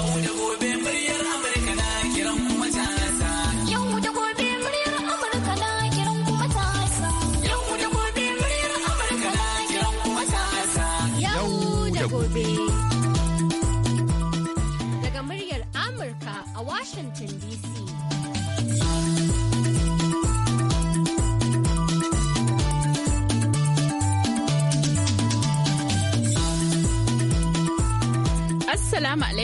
Yau gobe.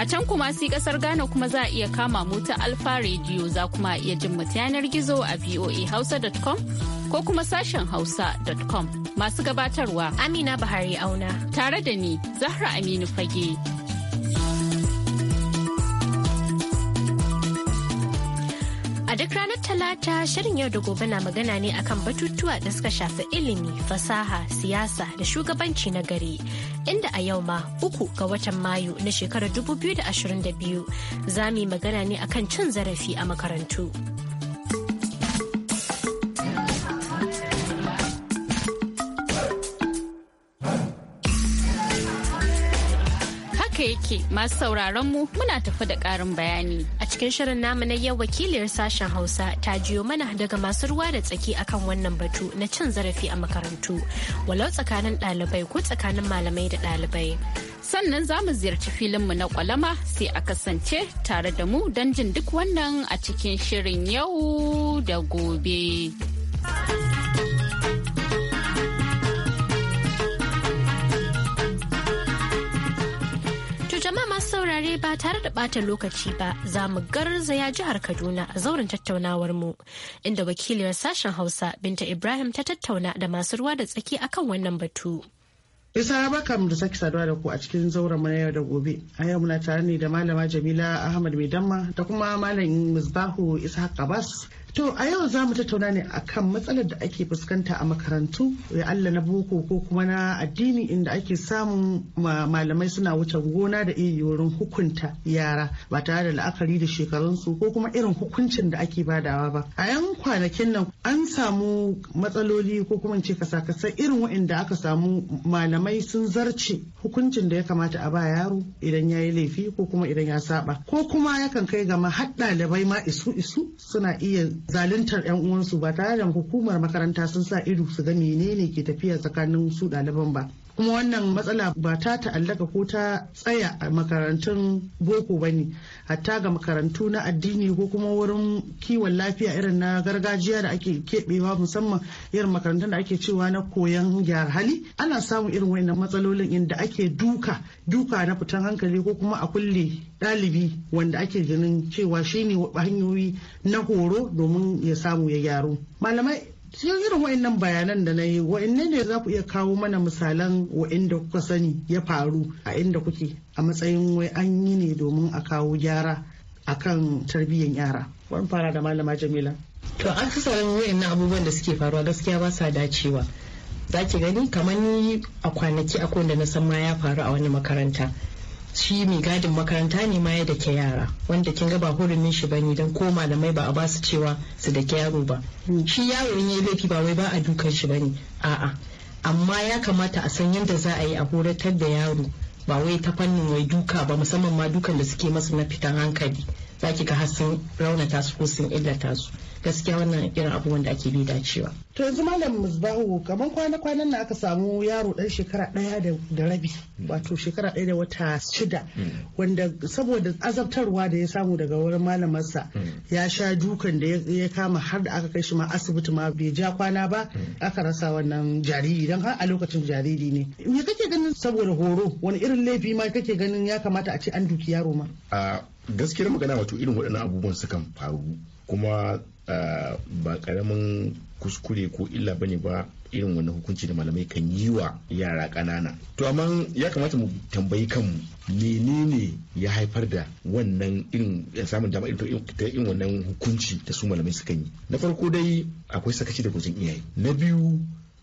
A can kuma si kasar Ghana kuma za a iya kama mota ta Alfa Radio za kuma iya jin mu yanar gizo a voahausa.com ko kuma sashen hausa.com masu gabatarwa Amina Bahari Auna tare da ni Zahra Aminu Fage. talata shirin yau da gobe na magana ne akan batutuwa da suka shafi ilimi, fasaha, siyasa da shugabanci na gari. Inda a yau ma uku ga watan Mayu na shekarar 2022 za mu yi magana ne akan cin zarafi a makarantu. masu sauraron mu muna tafi da ƙarin bayani. A cikin shirin namu na yau wakiliyar sashen Hausa ta jiyo mana daga masu ruwa da tsaki akan wannan batu na cin zarafi a makarantu walau tsakanin ɗalibai ko tsakanin malamai da ɗalibai. Sannan za mu ziyarci filinmu na kwalama sai a kasance tare da mu don jin duk wannan a cikin shirin yau da gobe. saurare ba tare da bata lokaci ba za mu garzaya jihar Kaduna a zauren tattaunawar mu inda wakiliyar sashen Hausa Binta Ibrahim ta tattauna da masu ruwa da tsaki akan wannan batu. Isa kam da sake saduwa da ku a cikin zauren na yau da gobe. A yau muna tare ne da malama Jamila Ahmad Maidamma da kuma malam Misbahu Isa Abbas To a yau za mu tattauna ne a kan matsalar da ake fuskanta a makarantu ya Allah na boko ko kuma na addini inda ake samun malamai suna wuce gona da iri wurin hukunta yara ba tare da la'akari da shekarunsu ko kuma irin hukuncin da ake badawa ba. A yan kwanakin nan an samu matsaloli ko kuma ce kasa irin wa'inda aka samu malamai sun zarce hukuncin da ya kamata a ba yaro idan ya yi laifi ko kuma idan ya saba ko kuma yakan kai ga ma har ɗalibai ma isu isu suna iya zaluntar yan uwansu ba tare da hukumar makaranta sun sa ido su ga menene ke tafiya tsakanin su ɗaliban ba kuma wannan matsala ba ta ta'allaka ko ta tsaya a makarantun boko ba ne hatta ga makarantu na addini ko kuma wurin kiwon lafiya irin na gargajiya da ake keɓewa musamman irin makarantun da ake cewa na koyon gyara hali ana samun irin wannan matsalolin inda ake duka duka na fitan hankali ko kuma a kulle ɗalibi wanda ake ganin cewa shine hanyoyi na horo domin ya samu ya gyaru malamai yanzu da wa'annan bayanan da na yi wa'in ne za ku iya kawo mana misalan wa'inda kuka sani ya faru a inda kuke a matsayin wai an yi ne domin a kawo gyara akan tarbiyyar yara wani fara da malama jamila to an kasarin wa'annan abubuwan da suke faruwa gaskiya ba sa dacewa za ki gani kamar ni a kwanaki akwai da na san ma ya faru a wani makaranta shi mai gadin makaranta ne ma ya dake yara wanda kin ga ba hurumin shi bane dan ko malamai ba a ba su cewa su dake yaro ba hmm. shi yaro in yayi laifi ba wai ba a dukan shi bane a'a amma ya kamata a san yadda za a yi a horatar da yaro ba wai ta fannin wai duka ba musamman ma dukan da suke masu na fitan hankali zaki ga har sun raunata su ko sun illata su gaskiya wannan irin abubuwan da ake bi dacewa to yanzu malam musbahu kaman kwana-kwanan na aka samu yaro dan shekara daya da rabi wato shekara daya da wata shida wanda saboda azabtarwa da ya samu daga wurin malamarsa ya sha dukan da ya kama har da aka kai shi ma asibiti ma bai ja kwana ba aka rasa wannan jariri don har a lokacin jariri ne me kake ganin saboda horo wani irin laifi ma kake ganin ya kamata a ce an duki yaro ma gaskiyar magana wato irin waɗannan abubuwan sukan faru kuma ba karamin kuskure ko illa bane ba irin wannan hukunci da malamai kan yi wa yara ƙanana to amma ya kamata mu tambayi kanmu menene ya haifar da wannan irin samun dama ta irin wannan hukunci da su malamai sukan yi na farko dai akwai sakaci da gudun iyaye na biyu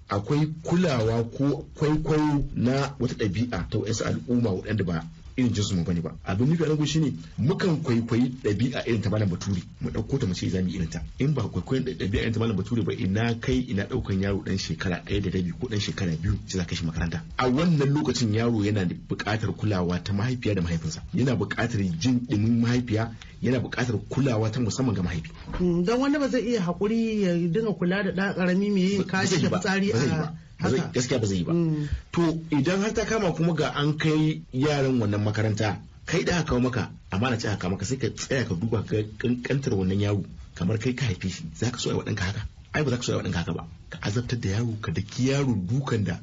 akwai kulawa ko kwaikwayo na wata ɗabi'a ta wasu al'umma waɗanda ba irin jinsu mu bane ba abin nufi anan shi ne mukan kwaikwayi ɗabi'a irin ta malam bature mu ɗauko ta mu ce za mu irin ta in ba kwaikwayin ɗabi'a irin ta malam bature ba ina kai ina ɗaukan yaro ɗan shekara ɗaya da rabi ko ɗan shekara biyu sai za ka shi makaranta a wannan lokacin yaro yana buƙatar kulawa ta mahaifiya da mahaifinsa yana buƙatar jin ɗumin mahaifiya yana buƙatar kulawa ta musamman ga mahaifi. Hmm, don wani ba zai iya haƙuri ya dinga kula da ɗan ƙarami mai kashi da fitsari a gaskiya ba zai yi ba mm. to idan har ta kama kuma ga an kai yaran wannan makaranta kai da haka maka amma na ce haka maka sai ka tsaya ka duba ka kankantar wannan yaro kamar kai ka haife shi za ka so ai wadanka haka ai ba za ka so ai wadanka haka ba ka azabtar da yaro ka daki yaro dukan da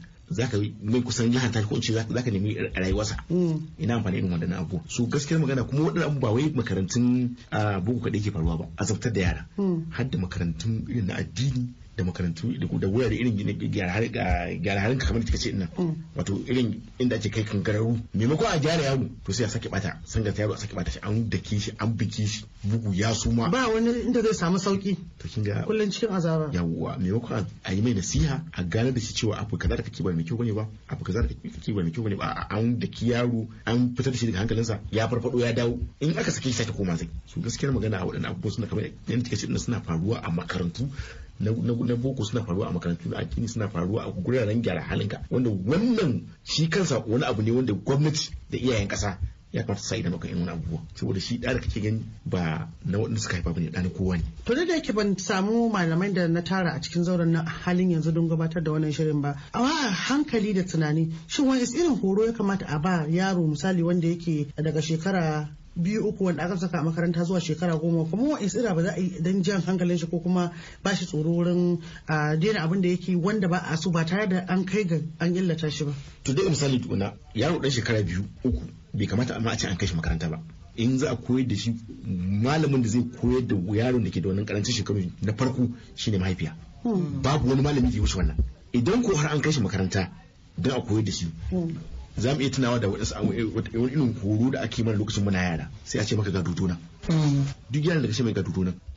ka mai kusan lahanta ko ce ka nemi rayuwarsa mm. ina amfani irin wannan abu su gaskiyar magana kuma waɗannan abu ba wai makarantun ah, boko kaɗai ke faruwa ba azabtar da yara mm. har makarantun irin na addini da makarantu da wurare irin gyara harin kamar da ce ina mm. wato irin inda ake kai kankararru maimakon a gyara yaro to sai a sake bata san ga yaro a sake bata shi an dake shi an biki shi bugu ya suma ba wani inda zai samu sauki to kin ga kullun cikin azaba yawwa maimakon a yi mai nasiha a gane da shi cewa abu kaza da kake ba mai kyau bane ba abu kaza da kake ba mai kyau bane ba an daki yaro an fitar da shi daga hankalinsa ya farfado ya dawo in aka sake shi sake koma zai su gaskiyar magana a waɗannan abubuwa suna kamar yadda kika ce suna faruwa a makarantu na boko suna faruwa a makarantu na addini suna faruwa a guraren gyara halinka wanda wannan shi kansa wani abu ne wanda gwamnati da iyayen kasa ya kamata sa maka yin wani abubuwa saboda shi da kake gani ba na waɗanda suka haifa bane ɗan kowa ne to da yake ban samu malamai da na tara a cikin zauren na halin yanzu don gabatar da wannan shirin ba a hankali da tunani shin wani irin horo ya kamata a ba yaro misali wanda yake daga shekara biyu uku wanda aka saka a makaranta zuwa shekara goma kuma wa isira ba za a yi dan jan hankalin shi ko kuma ba shi tsoro wurin daina abin da yake wanda ba a so ba tare da an kai ga an illata shi ba. to dai misali tukuna yaro dan shekara biyu uku bai kamata amma a ce an kai shi makaranta ba in za a koyar da shi malamin da zai koyar da yaron da ke da wannan karancin shekaru na farko shine mahaifiya hmm. babu wani malami da ya wuce wannan idan ko har an kai shi makaranta don a koyar da shi hmm. za mu iya tunawa da eh, wani irin horo da ake mana lokacin muna yara sai a ce maka ga mm. duk yaran da kashe mai ga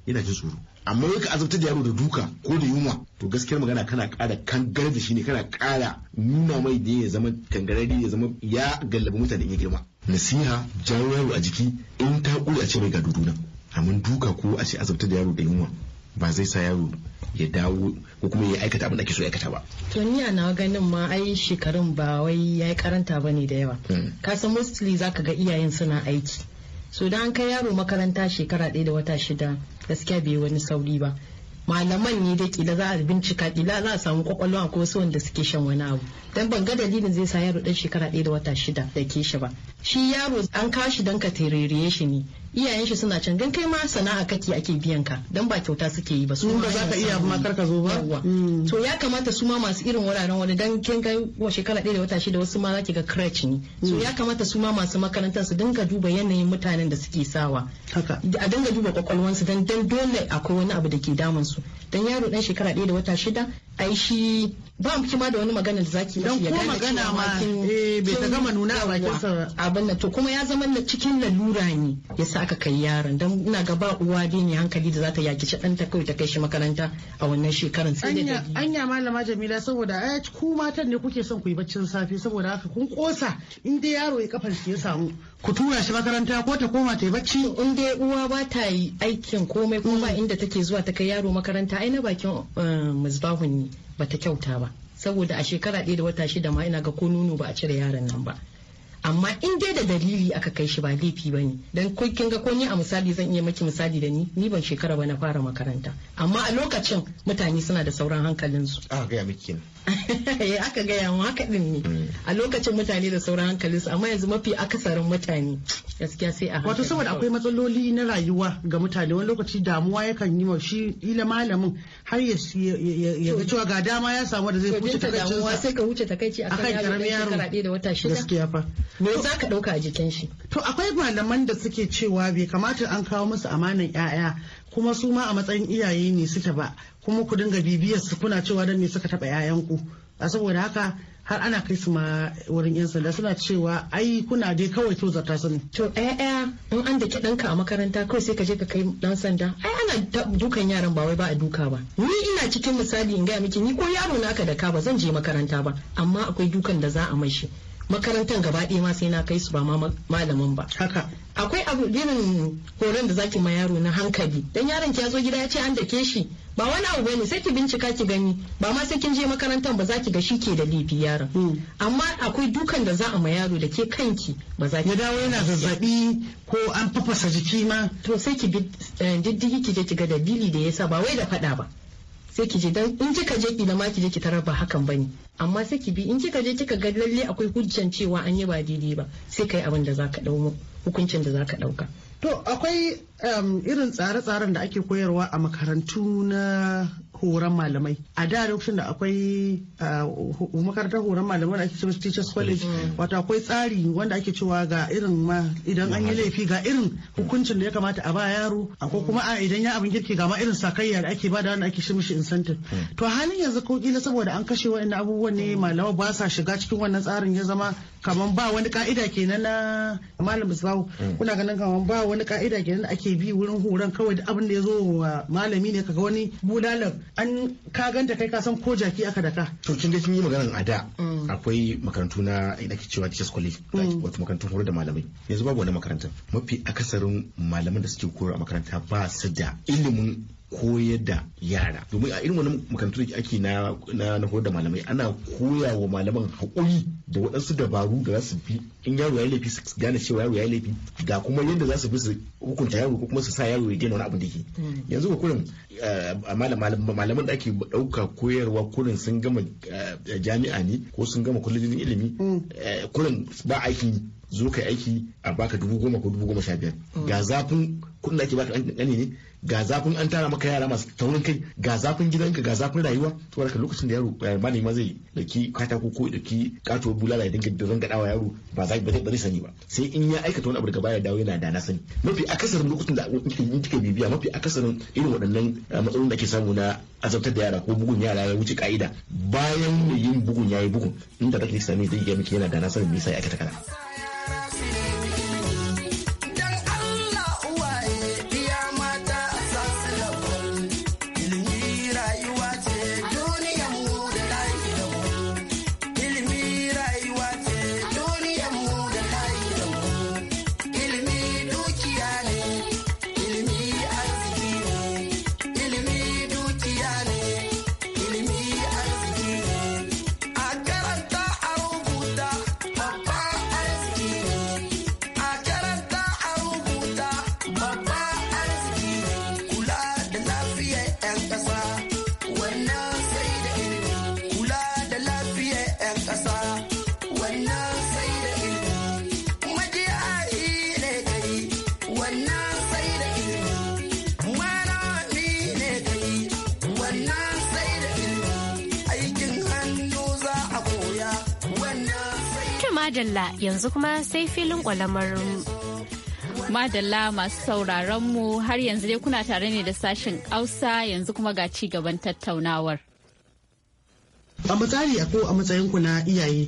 yana jin tsoro amma wai ka azabtar da yaro da duka ko da yunwa to gaskiyar magana kana kara kangar da shi ne kana kara nuna mai da ya zama kangarari ya zama ya gallabi mutane ya girma nasiha jawo yaro a jiki in ta kuri a ce mai ga amma duka ko a ce azabtar da yaro da yunwa ba zai sa yaro ya dawo ko kuma ya aikata abin da ake so aikata ba. To ni a nawa ganin ma ai shekarun ba wai ya yi karanta ba ne da yawa. Hmm. Ka san mostly za ka ga iyayen suna aiki. So da an kai yaro makaranta shekara ɗaya da wata shida gaskiya bai wani sauri ba. malaman ne da kila za a bincika kila za a samu kwakwalwa ko wasu wanda suke shan wani abu dan ban ga dalilin zai sa yaro dan shekara ɗaya da wata shida da ke shi ba shi yaro an kashi dan ka tereriye shi ne iyayen shi suna can gan kai ma sana'a kake ake biyan ka dan ba kyauta suke yi ba su ba za ka iya ma ka zo ba mm. to ya kamata su ma masu irin wuraren wani dan kin ga wa shekara ɗaya da wata shida wasu ma zaki ga crutch ne so mm. ya kamata su ma masu makarantar su dinga duba yanayin mutanen da suke sawa Haka. a dinga duba su dan dan dole akwai wani abu da ke damun su dan yaro dan shekara ɗaya da wata shida ai shi ba mu kima da wani magana da zaki ya ko magana ma eh bai ta gama nuna a bakin abin nan to kuma ya zama na cikin lalura ne Ya sa aka kai yaron dan ina ga ba uwa dai ne hankali da zata yaki ci ɗanta kawai ta kai shi makaranta a wannan shekaran sai da anya malama Jamila saboda ai eh, ku matan ne kuke son ku yi baccin safe saboda haka kun kosa in dai yaro ya kafar shi ya samu ku tura shi makaranta ko ta koma ta yi bacci in dai uwa ba ta yi aikin komai kuma mm. inda take zuwa ta kai yaro makaranta ai na bakin eh, musbahun ne bata kyauta ba saboda a shekara ɗaya da wata shida ma ina ga ko nono ba a cire yaron nan ba amma in dai da dalili aka kai shi ba laifi ne don ko kin ga ko ni a misali zan iya maki misali da ni ni ban shekara ba na fara makaranta amma a lokacin mutane suna da sauran hankalin su aka gaya miki eh, aka gaya mu haka din ne hmm. a lokacin mutane da sauran hankalin su amma yanzu mafi akasarin mutane gaskiya sai a wato saboda akwai matsaloli na rayuwa ga mutane wani lokaci damuwa yakan yi ma shi ila malamin har ya ya ga cewa ga dama ya samu da zai huce ce sai ka huce takaici akan yaro da wata shida gaskiya fa me za ka ɗauka a jikin shi to akwai malaman da suke cewa bai kamata an kawo musu amanan 'ya'ya kuma su ma a matsayin iyaye ne suka ba kuma ku dinga bibiyar su kuna cewa dan me suka taɓa 'ya'yanku a saboda haka har ana kai su ma wurin yan sanda suna cewa ai kuna dai kawai to zata su ne. To ɗaya in an daki ɗanka a makaranta kawai sai ka je ka kai ɗan sanda ai ana dukan yaran ba wai ba a duka ba. Ni ina cikin misali in gaya miki ni ko yaro naka da ka ba zan je makaranta ba amma akwai dukan da za a mai shi. makarantar gaba ɗaya ma sai na kai su ba ma malamin ba haka akwai irin horon da zaki ma yaro na hankali dan yaron ki ya zo gida ya ce an dake shi ba wani abu bane sai ki bincika ki gani ba ma sai kin je makarantar ba za ki ga shi ke da lifi yaron hmm. amma akwai dukan da za a ma yaro da ke kanki ba za ki ya dawo yana zazzabi ko an fafasa jiki ma to sai ki bi eh, diddigi ki je ki ga dalili da ya sa ba wai da faɗa ba sai ki je dan in kika je ki da ma ki je ki tarar ba hakan bane amma sai ki bi in kika je kika ga lalle akwai hujjan cewa an yi ba daidai ba sai kai abin da zaka dau hukuncin da zaka dauka to akwai um, irin tsare-tsaren da ake koyarwa a makarantu na horon malamai a da lokacin da akwai makarantar horon malamai da ake cewa teachers college mm. wato akwai tsari wanda ake cewa ga irin ma idan an yi laifi ga irin hukuncin da ya kamata a ba yaro akwai kuma a idan ya abin kirki ga ma irin sakayya da ake bada wanda ake shi mishi incentive mm. to halin yanzu ko kila saboda an kashe wa'annan abubuwan ne malamai ba sa shiga cikin wannan tsarin ya zama kaman ba wani ka'ida kenan na malam zau mm. kuna ganin kaman ba wani ka'ida kenan da ake bi wurin horon kawai da abin da ya zo wa malami ne kaga wani bulalar an ka ganta kai ka san ko jaki aka daka to kin ga kin yi maganar a da mm. akwai makarantu na da ke cewa teachers college mm. wato makarantun horar da malamai yanzu babu wani makarantar mafi akasarin malaman da suke koyar a makaranta ba su da ilimin koyar da yara domin a irin wani makarantu da ake na na da malamai ana koya wa malaman haƙuri da waɗansu dabaru da za su bi in yaro ya laifi su gane cewa yaro ya laifi ga kuma yadda za su bi su hukunta yaro ko kuma su sa yaro ya daina wani abu da ke mm. yanzu ga kurin eh, malaman da ake ɗauka koyarwa kurin sun gama eh, jami'a ne ko sun gama kwalejin ilimi mm. eh, kurin ba aikin zo kai aiki a baka dubu goma ko dubu goma sha biyar mm. ga zafin kuɗin da ake baka ɗan ne ga zafin an tara maka yara masu taurin kai ga zafin gidanka ga zafin rayuwa to ka lokacin da yaro eh, ne ma zai daki katako ko daki kato bulala ya dinga rangadawa yaro ba zai ba zai sani ba sai in ya aikata wani abu daga baya dawo yana da na sani mafi akasarin lokacin da yi kika bibiya mafi akasarin irin waɗannan eh, matsalolin da ke samu na azabtar da yara ko bugun yara ya wuce ka'ida bayan yin bugun yayi bugun inda kake sani zai iya miki yana da na sani me yasa ya aikata kaza madalla yanzu kuma sai filin kwalamar madalla masu sauraron mu har yanzu dai kuna tare ne da sashen hausa yanzu kuma ga ci gaban tattaunawar a matsari ko a matsayin ku na iyaye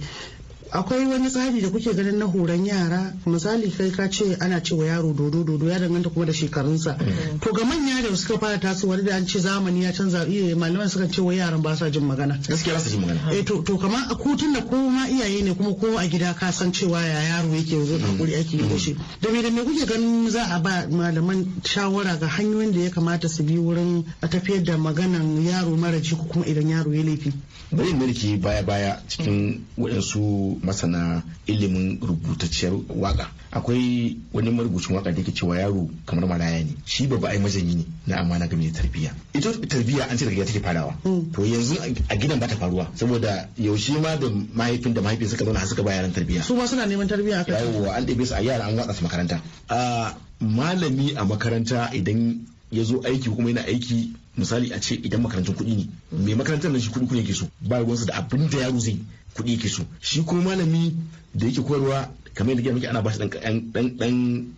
akwai wani tsari da kuke ganin na horon yara misali kai ka ce ana cewa yaro dodo dodo ya danganta kuma da shekarunsa mm. to ga manya da suka fara tasowa da an ce zamani ya canza iya malaman suka ce wa yaran ba sa jin magana gaskiya ba sa magana eh to to kamar a kutun da kuma iyaye ne kuma ko a gida ka san cewa ya yaro yake yanzu hakuri ake yi shi mm. da me da me kuke ganin za a ba malaman shawara ga hanyoyin da ya kamata su bi wurin a tafiyar da maganan yaro mara ji ko kuma idan yaro ya laifi bari mulki baya baya cikin waɗansu masana ilimin rubutacciyar waka akwai wani marubucin waka da ke cewa yaro kamar malaya ne shi ba ai mazanyi ne na amana game da tarbiyya ita tarbiyya an ce daga gida take farawa mm. to yanzu a gidan ba ta faruwa saboda yaushe ma da mahaifin da mahaifin suka zauna suka ba yaran tarbiyya su ma suna neman tarbiyya haka yawo an ɗebe su a yara an watsa su makaranta a malami a makaranta idan ya zo aiki kuma yana aiki misali a ce idan makarantar kuɗi ne mai makarantar nan shi kuɗi kuɗi yake so ba ruwansu da abin da yaro zai kuɗi ke so shi kuma malami da yake koyarwa kamar yadda muke ana ba su dan dan dan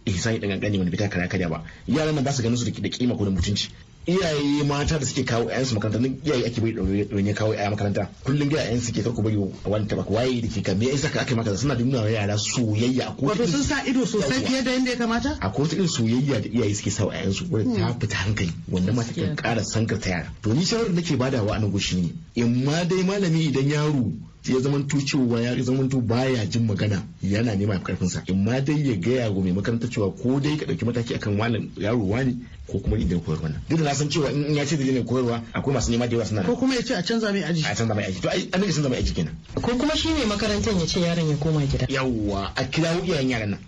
ihsani dan wanda bai ta kara karya ba yaran nan ba su ganin su da kima ko da mutunci iyaye mata da suke kawo ƴaƴansu makaranta nan iyaye ake bai ɗaure kawo ƴaƴa makaranta kullum ga ƴaƴan suke karku bari wani taba waye da ke ka me yasa ka aka maka suna nuna yara soyayya a wato sun sa ido sosai fiye da yadda ya kamata a kotu irin soyayya da iyaye suke sa wa ƴaƴansu wanda ta hmm. fita hankali wanda ma take ƙara sankarta yara to ni shawarar nake badawa a nan gushi ne in ma dai malami idan yaro ya zamanto cewa ya zamanto baya jin magana yana nema karfinsa in ma dai ya gaya wa mai makaranta cewa ko dai ka dauki mataki akan wani yaro wani ko kuma idan koyarwa na. duk da na san cewa in ya ce da ne koyarwa akwai masu nema da yawa suna ko kuma ya ce a canza mai aji a canza mai aji to ai an canza mai aji kenan ko kuma shi ne makarantar ya ce yaron ya koma gida yawwa a kira iyayen yaran nan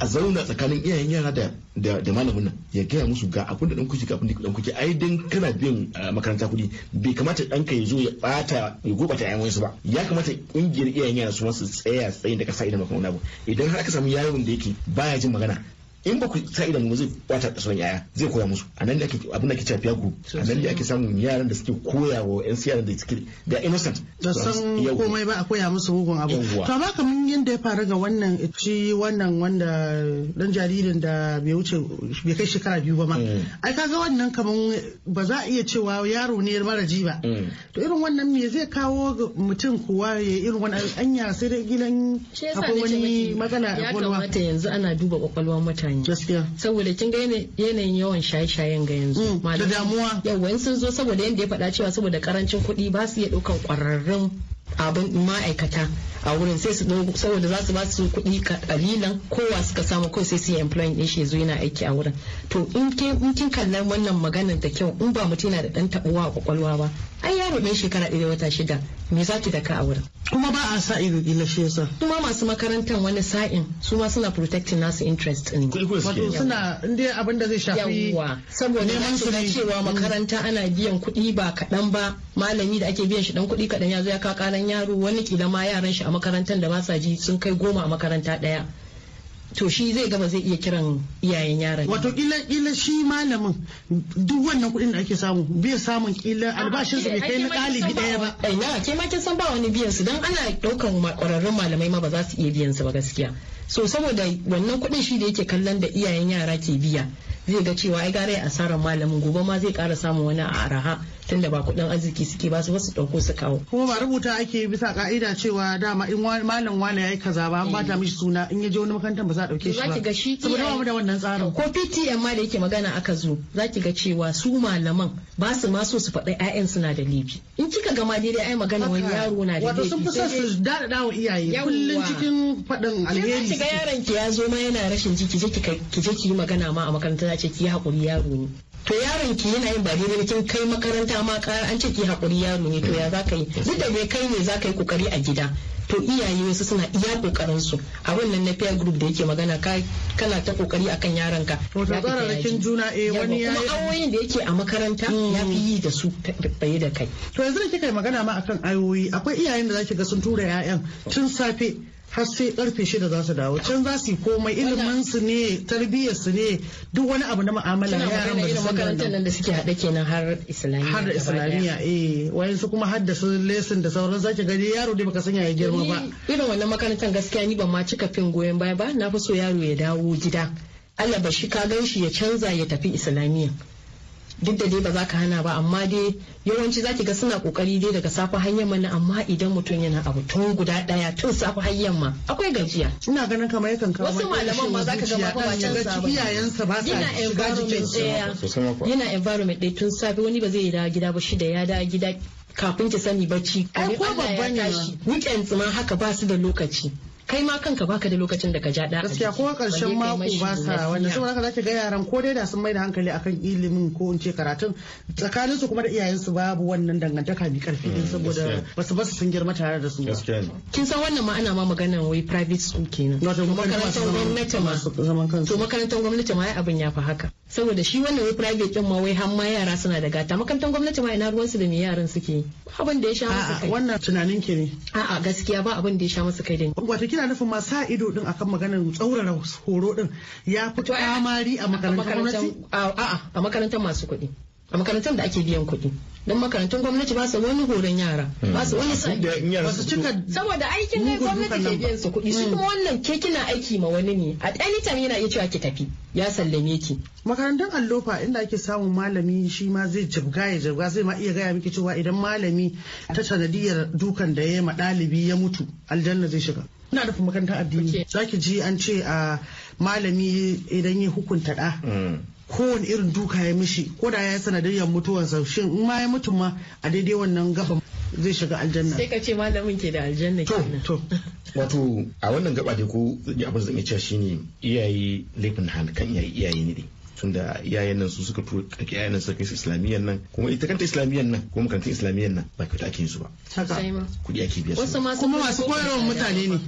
a zauna tsakanin iyayen yara da malamin nan ya gaya musu ga abin da dan kuke kafin abin da kuke ai dan kana biyan makaranta kudi bai kamata ɗanka ya zo ya bata ya gobata yayan su ba ya kamata kungiyar iyayen yara su ma su tsaya tsayin da kasa idan maka wani abu idan har aka samu yaron da yake baya jin magana in ba ku sa idan mu zai kwata da sauran yaya zai koya musu a nan da ake abin da ke cewa fiyagu a nan da ake samun yaran da suke koya wa yan siyaran da suke da innocent da san komai ba a koya musu hukun abu to amma kaman yanda ya faru ga wannan shi wannan wanda dan jaririn da bai wuce bai kai shekara biyu ba ma mm. ai kaga wannan kaman ba za a iya cewa yaro ne mara ji ba mm. to irin wannan me zai kawo mutum kuwa ya irin wani anya sai da gidan akwai wani matsala a kwakwalwa ya kamata yanzu ana duba kwakwalwar mutane bane mm. saboda kin ga yanayin yawan shaye-shayen ga yanzu mm. da damuwa yawa sun zo saboda yanda ya faɗa cewa saboda karancin kuɗi ba su iya ɗaukan ƙwararrun abin ma'aikata a wurin sai su ɗau saboda za su ba su kuɗi kalilan kowa suka samu kawai sai su yi employing ɗin shi zo yana aiki a wurin to in kin kallar wannan maganar da kyau in ba mutum yana da ɗan taɓuwa a kwakwalwa ba ai yaro ɗan shekara ɗaya wata shida me za ki daka a wurin. kuma ba a sa ido kila shi yasa. kuma masu makarantar wani sa'in su ma suna protecting nasu interest ne. wato suna inda abin da zai shafi saboda neman su cewa mm. makaranta ana biyan kuɗi ba kaɗan ba malami da ake biyan shi ɗan kuɗi kaɗan ya zo ya kawo ƙaran yaro wani kila ma yaran shi a makarantar da ba sa ji sun kai goma a makaranta ɗaya to shi zai gaba zai iya kiran iyayen yaran wato kila kila shi malamin duk wannan kuɗin da ake samu bai samun kila albashin su bai kai na ɗalibi ɗaya ba aiya eh, ke ma kin san ba wani biyan su dan ana daukan ƙwararrun malamai ma ba za su iya biyan su ba gaskiya so saboda wannan kuɗin shi da yake kallon da iyayen yara ke biya zai ga cewa ai gare asarar malamin gobe ma zai ƙara samun wani a araha tunda ba kuɗin arziki suke ba su wasu ɗauko su kawo. kuma ba rubuta ake bisa ka'ida cewa dama in malam wane ya yi kaza ba an bata mishi suna in ya je wani makarantar ba za a ɗauke shi ba. zaki ga shi saboda ba mu da wannan tsarin. ko PTM ma da yake magana aka zo zaki ga cewa su malaman ba su ma so su faɗi 'ya'yan suna da laifi. in kika gama daidai ai magana wani yaro na da laifi. wato sun fi son su daɗaɗa wa iyaye kullum cikin faɗin alheri. ki ga yaron ki ya zo ma yana rashin ji ki je ki yi magana ma a makaranta za ki yi haƙuri yaro ne to yaron ki yana yin ba daidai kin kai makaranta ma kara an ce ki hakuri yaro ne to ya zaka yi duk da kai ne zaka yi kokari a gida to iyaye wasu suna iya kokarin su a wannan na peer group da yake magana ka kana ta kokari akan yaron ka wato zararrakin juna eh wani ya kuma awoyin da yake a makaranta mm. ya fi yi da su baye da kai to yanzu da kika magana ma akan ayoyi akwai iyayen da zaki ga sun tura 'ya'yan tun safe har sai karfe shida za su dawo can za su komai ilimin su ne tarbiyyar su ne duk wani abu na mu'amala yaran ba su makarantar nan da suke hada kenan har islamiyya har islamiyya eh wayan su kuma haddasa lesson da sauran zaki gani yaro dai baka sanya ya girma ba irin wannan makarantar gaskiya ni ban ma cika fin goyon baya ba na fi so yaro ya dawo gida Allah ba shi ka gan shi ya canza ya tafi islamiyya duk da dai ba za ka hana ba amma dai yawanci za ki ga suna kokari dai daga safe hanyar mana amma idan mutum yana abu tun guda daya tun safe hanyar ma akwai gajiya ina ganin kamar yakan kawo wasu malaman ma ka ga ba wacan sa ba iyayensa ba sa shiga jikin su yana environment dai tun safe wani ba zai yi dawo gida ba shi da ya dawo gida kafin ki sani bacci ai ko babban ne weekends ma haka ba su da lokaci kai ma kanka baka da lokacin da ka ja da gaskiya kuma karshen mako ba sa wanda saboda haka zaki ga yaran ko dai da sun mai da hankali akan ilimin ko in ce karatun tsakanin su kuma da iyayen su babu wannan dangantaka mai karfi din mm, saboda basu basu sun girma tare da su kin san wannan ma ana ma magana wai private school kenan makarantar gwamnati ma zaman kansu to makarantar gwamnati ma abin ya fi haka saboda shi wannan wai private din ma wai har ma yara suna da gata makarantar gwamnati ma ina ruwan su da me yaran suke abin da ya sha musu kai wannan tunanin ke ne a'a gaskiya ba abin da ya sha musu kai da kina nufin ma sa ido din akan maganar tsaurara horo din ya fito kamari a makarantar gwamnati a makarantar masu kuɗi a makarantar da ake biyan kuɗi don makarantun gwamnati ba su wani horon yara hmm. ba su wani sa'i ba su cika saboda aikin ne gwamnati ke biyan su kuɗi shi hmm. kuma wannan ke kina aiki ma wani ne a anytime yana iya cewa ki tafi ya sallame ki makarantar allofa inda ake samun malami shi ma zai jibga ya jibga zai ma iya gaya miki cewa idan malami ta sanadiyar dukan da ya yi ma ɗalibi ya mutu aljanna zai shiga ina nufin makarantar addini za ki ji an ce a malami idan ya hukunta ɗa mm. kowane irin duka ya mishi ko da ya yi sanadiyyar mutuwarsa shin in ma ya mutu ma a daidai wannan gaba. zai shiga aljanna sai ka ce malamin ke da aljanna kenan to wato a wannan gaba dai ko abin zan iya cewa shine iyaye laifin hal kan iyaye ne dai tunda iyayen nan su suka kake iyayen nan suka kai islamiyyar nan kuma ita kanta islamiyyar nan kuma kantin islamiyyar nan ba kyauta ake su ba kuɗi ake biya su kuma masu koyarwa mutane ne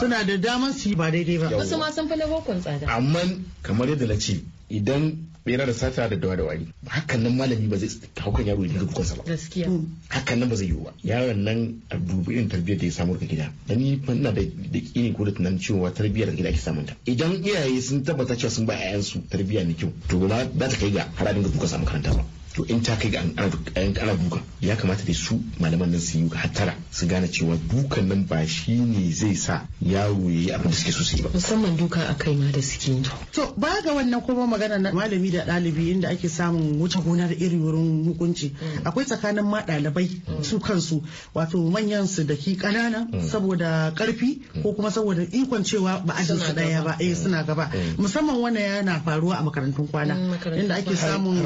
suna da damar su ba daidai ba wasu ma sun fi na bokon tsada amma kamar yadda na ce idan bera da sata da dawa da wani hakan nan malami ba zai haukan yaro ya dukan sa ba gaskiya mm. hakan nan ba zai yiwu ba yaron nan a dubi irin tarbiyyar da ya samu ka gida da ni ina da da kini ko da tunanin cewa tarbiyyar gida ake samun ta idan iyaye sun tabbata cewa sun ba 'ya'yansu tarbiyya ne kyau to ba za ta kai ga har a dinga dukan sa makaranta ba to in ta kai ga an kara dukan ya kamata da su malaman nan su yi hattara su gane cewa dukan nan ba shi ne zai sa yaro ya yi abin da suke so su yi ba musamman duka a kai ma da suke to ba ga wannan kuma magana na malami da ɗalibi inda ake samun wuce gona da iri wurin hukunci mm. akwai tsakanin ma ɗalibai mm. su kansu wato manyan su da ki ƙanana mm. saboda ƙarfi ko kuma saboda ikon cewa ba a jinsu ɗaya ba eh suna gaba musamman wannan yana faruwa a makarantun kwana inda ake samun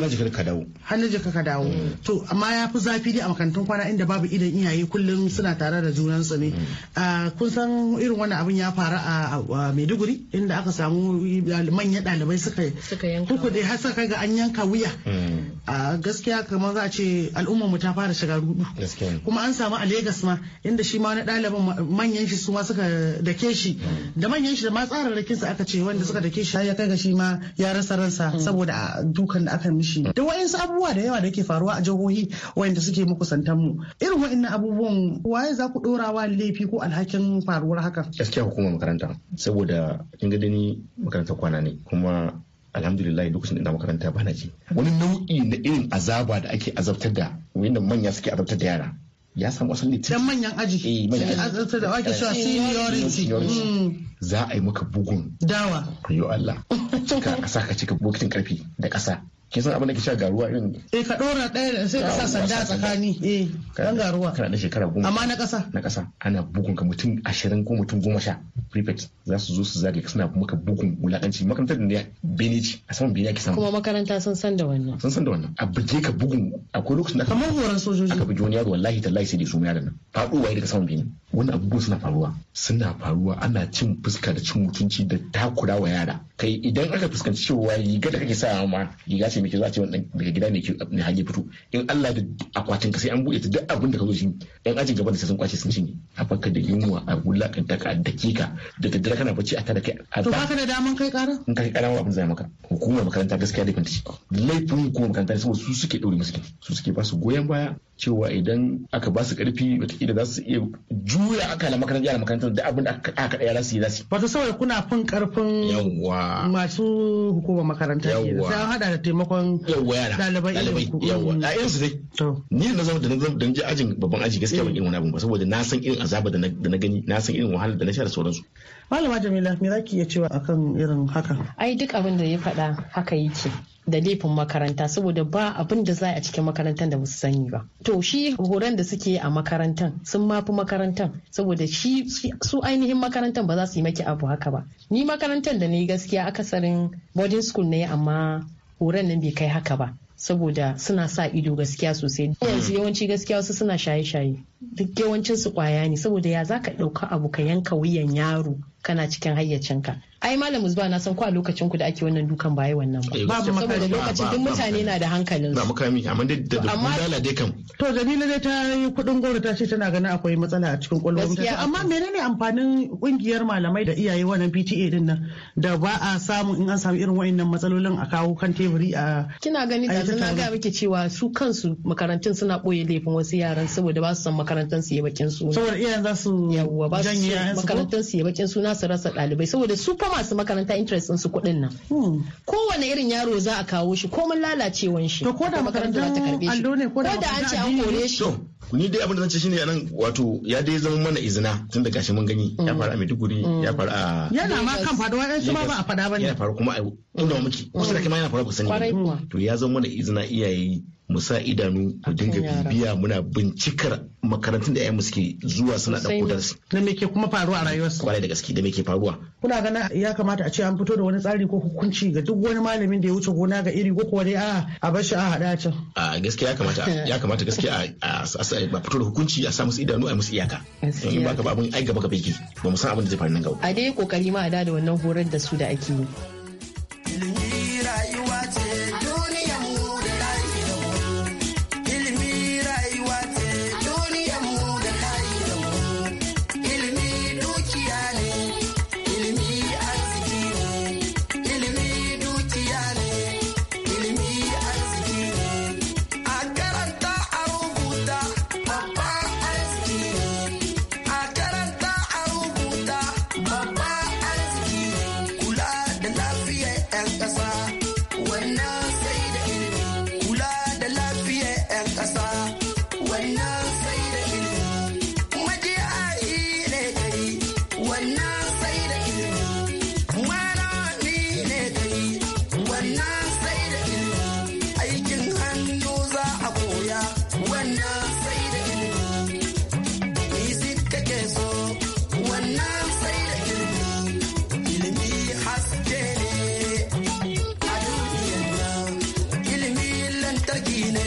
je ka dawo mm. to amma ya fi zafi dai a makarantun kwana inda babu idan iyaye kullum suna tare da junan su ne mm. ah, kun san irin wannan abin ya faru a Maiduguri inda aka samu manyan ɗalibai suka uku dai har suka ga an yanka wuya mm. a gaskiya kamar za a ce al'umma mu ta fara shiga rudu kuma an samu a Legas ma inda shi ma wani ɗalibin manyan shi su ma suka dake shi da manyan shi da ma tsararrakin sa aka ce wanda suka dake shi ya kai ga shi ma ya rasa ransa saboda dukan da aka mishi da wa'insu abubuwa abubuwa da yawa da ke faruwa a jihohi wayanda suke makusantan mu irin wa'annan abubuwan waye za ku wa laifi ko alhakin faruwar haka gaskiya hukumar makaranta saboda kin ga dani makaranta kwana ne kuma alhamdulillah lokacin ina makaranta ba na ji wani nau'i na irin azaba da ake azabtar da wanda manya suke azabtar da yara ya samu asali tun dan manyan aji eh manyan aji da ake cewa eh, seniority hmm. za a yi maka bugun dawa ayo Allah cika a saka cika bokitin karfi da ƙasa kin san abin da ke sha garuwa irin eh ka dora ɗaya sai ka sa sanda tsakani eh dan garuwa kana da shekara goma amma na ƙasa na ƙasa ana bugun ka mutum ashirin ko mutum goma sha prefect za su zo su zage ka suna maka bugun wulakanci makarantar da bene a saman bene ake samu kuma makaranta sun san da wannan sun san da wannan a buge ka bugun akwai lokacin da kamar horon sojoji aka buge wani yaro wallahi tallahi sai da su yaron nan Faɗo waye daga saman bene wani abubuwa suna faruwa suna faruwa ana cin fuska da cin mutunci da takura wa yara kai idan aka fuskanci cewa riga da kake sawa ma riga ce mai zuwa ce wannan daga gida mai kyau ne hage fito in Allah da akwatin ka sai an buɗe ta duk abin da ka zo shi yan ajin gaban da sun kwashe sun cinye a baka da yunwa a wulaƙanta ka a dakika da daddare kana bacci a tada kai a to ka da daman kai kara in kai kara abin zai maka hukumar makaranta gaskiya da kanta laifin hukumar makaranta saboda su suke ɗaure musu su suke ba su goyon baya cewa idan aka ba su karfi watakila za su iya juya aka akala makarantar yara makarantar da abin da aka kada yara su yi za su wato saboda kuna fin karfin yawa masu hukumar makaranta yawa sai an hada da taimakon ɗalibai. yara dalibai yawa a irin su dai ni da na zama da na zama ajin babban aji gaskiya ban eh. irin wani abin ba saboda na san irin azaba da na gani na san irin wahalar da na sha da sauransu Malama Jamila me za ki iya cewa akan irin haka? Ai duk abin da ya faɗa haka yake. da laifin makaranta saboda ba abin da za a cikin makarantar da musu sani ba to shi horon da suke a makarantar sun mafi makarantar saboda shi su ainihin makarantar ba za su yi maki abu haka ba ni makarantar da na yi gaskiya akasarin boarding school ne amma horon nan bai kai haka ba saboda suna sa ido gaskiya sosai yanzu yawanci gaskiya wasu suna shaye-shaye duk yawancin su kwaya ne saboda ya zaka ɗauka abu ka yanka wuyan yaro kana cikin hayyacinka ai malam musba na san ko a lokacin ku da ake wannan dukan baye wannan ba eh, saboda lokacin duk mutane na da hankalin ba mukami amma da da dala dai kam to Jamila dai ta yi kudin goro ta ce tana ganin akwai matsala a cikin kwallon mutane amma menene amfanin kungiyar malamai da iyaye wannan PTA din nan da ba a samu in an samu irin wayannan matsalolin a kawo kan teburi a kina gani da zan ga miki cewa su kansu makarantun suna boye laifin wasu yaran saboda ba su san makarantun su yi bakin su saboda iyayen za su janye makarantun su yi bakin su na su rasa dalibai saboda su masu makaranta interest sun su kuɗin nan hmm. kowane irin yaro za a kawo shi komin lalacewan shi to ko da makaranta ta karbe shi ko da an ce an kore shi ni dai abin da zan ce shine anan wato ya dai zama mana izina tun da gashi mun gani ya mm. faru a Maiduguri mm. ya faru a yana ma kan faɗo wa ma ba a faɗa bane ya faru kuma inda muke kusa mm. da kai ma yana faru ku sani to ya zama mana izina iyaye mu sa idanu mu dinga bibiya muna bincikar makarantun da ya mu suke zuwa suna da kudarsu na me ke kuma faruwa a rayuwarsu kwarai da gaske da me ke faruwa kuna gana ya kamata a ce an fito da wani tsari ko hukunci ga duk wani malamin da ya wuce gona ga iri ko kuwa dai a a bar shi a hada can a gaskiya ya kamata ya kamata gaskiya a Eh, ba fito da hukunci a sa musu idanu a musu iyaka in ba ba abin ai gaba gaba yake ba mu san abin da zai faru nan gaba a dai kokari ma a da wannan horar da su da ake yi lantarki ne.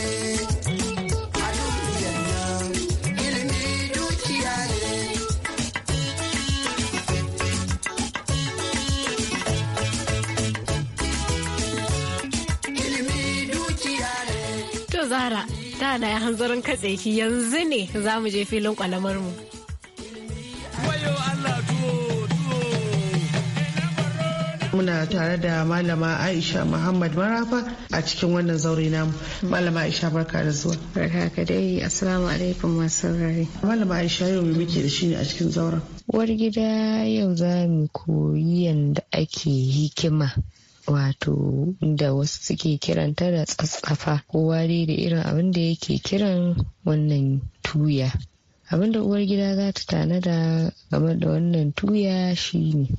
Zara, da na hanzarin katse yanzu ne za mu je filin kwalamar mu. muna tare da malama aisha muhammad marafa a cikin wannan zaure namu malama aisha barka da zuwa barka ka dai assalamu alaikum masu rari malama aisha yau muke da shi ne a cikin zauren war gida yau za mu koyi yadda ake hikima wato da wasu suke kiranta da tsatsafa kowa dai da irin abin da yake kiran wannan tuya abin da uwar gida za ta tanada game da wannan tuya shine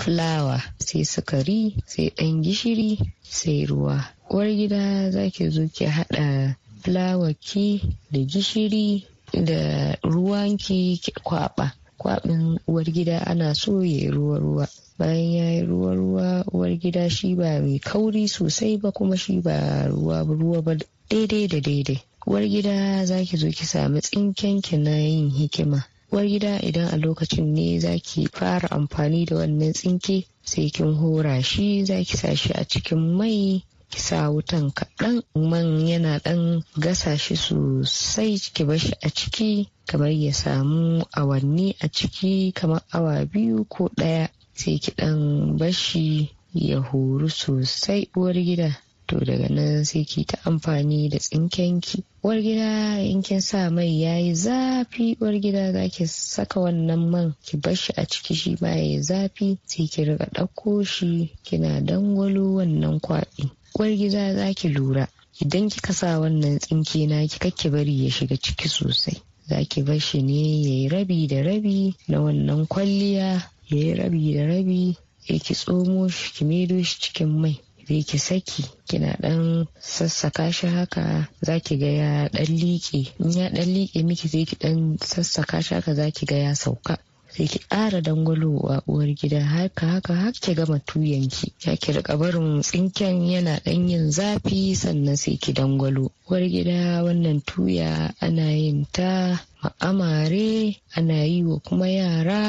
fulawa sai sukari sai ɗan gishiri sai ruwa uwar gida za ki zo ki haɗa fulawaki da gishiri da ruwanki kwaɓa kwaɓin uwar gida ana so ya yi ruwa-ruwa bayan ya yi ruwa-ruwa uwar gida shi ba mai kauri sosai ba kuma shi ba ruwa-ruwa ba daidai da daidai uwar gida za ki zo ki sami tsinken ki na yin hikima uwar gida idan a lokacin ne za ki fara amfani da wannan tsinke sai kin hora shi za ki sa shi a cikin mai ki sa wutan kaɗan man yana ɗan gasa shi sosai ki bar shi a ciki kamar ya samu awanni a ciki kamar awa biyu ko ɗaya sai ki ɗan bashi ya horu sosai uwar gida to daga nan sai ki ta amfani da tsinkenki uwar gida in kin sa mai yayi zafi uwar gida za ki saka wannan man ki bar shi a ciki shi ma yayi zafi sai ki riga ɗauko shi kina dangwalo wannan kwaɗi uwar gida za ki lura idan kika sa wannan tsinke na ki kakki bari ya shiga ciki sosai za ki bar shi ne yayi rabi da rabi na wannan kwalliya yayi rabi da rabi ya ki tsomo shi ki maido shi cikin mai Zai ki saki kina dan sassaka shi haka zaki ga ya dan liƙe in ya dan liƙe miki zai ki dan sassaka shi haka zaki gaya ga ya sauka sai ki ƙara dangwalowa uwar gida haka haka har ki gama tuyan ya ki rika barin tsinken yana dan yin zafi sannan sai ki dangwalo uwar gida wannan tuya ana yin ta wa amare ana yi wa kuma yara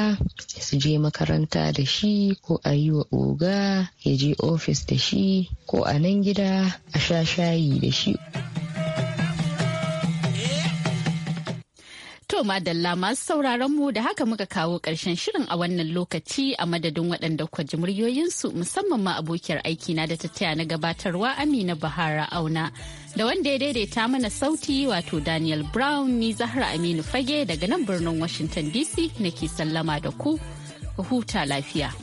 su je makaranta da shi ko a yi wa oga ya je ofis da shi ko a nan gida a sha shayi da shi. To madalla masu sauraron mu da haka muka kawo ƙarshen shirin a wannan lokaci a madadin waɗanda kwa ji muryoyinsu musamman ma abokiyar na da ta taya na gabatarwa Amina Bahara Auna. Da wanda ya daidaita mana sauti wato Daniel Brown ni Zahra Aminu Fage daga nan birnin Washington DC nake sallama da ku. Huta lafiya.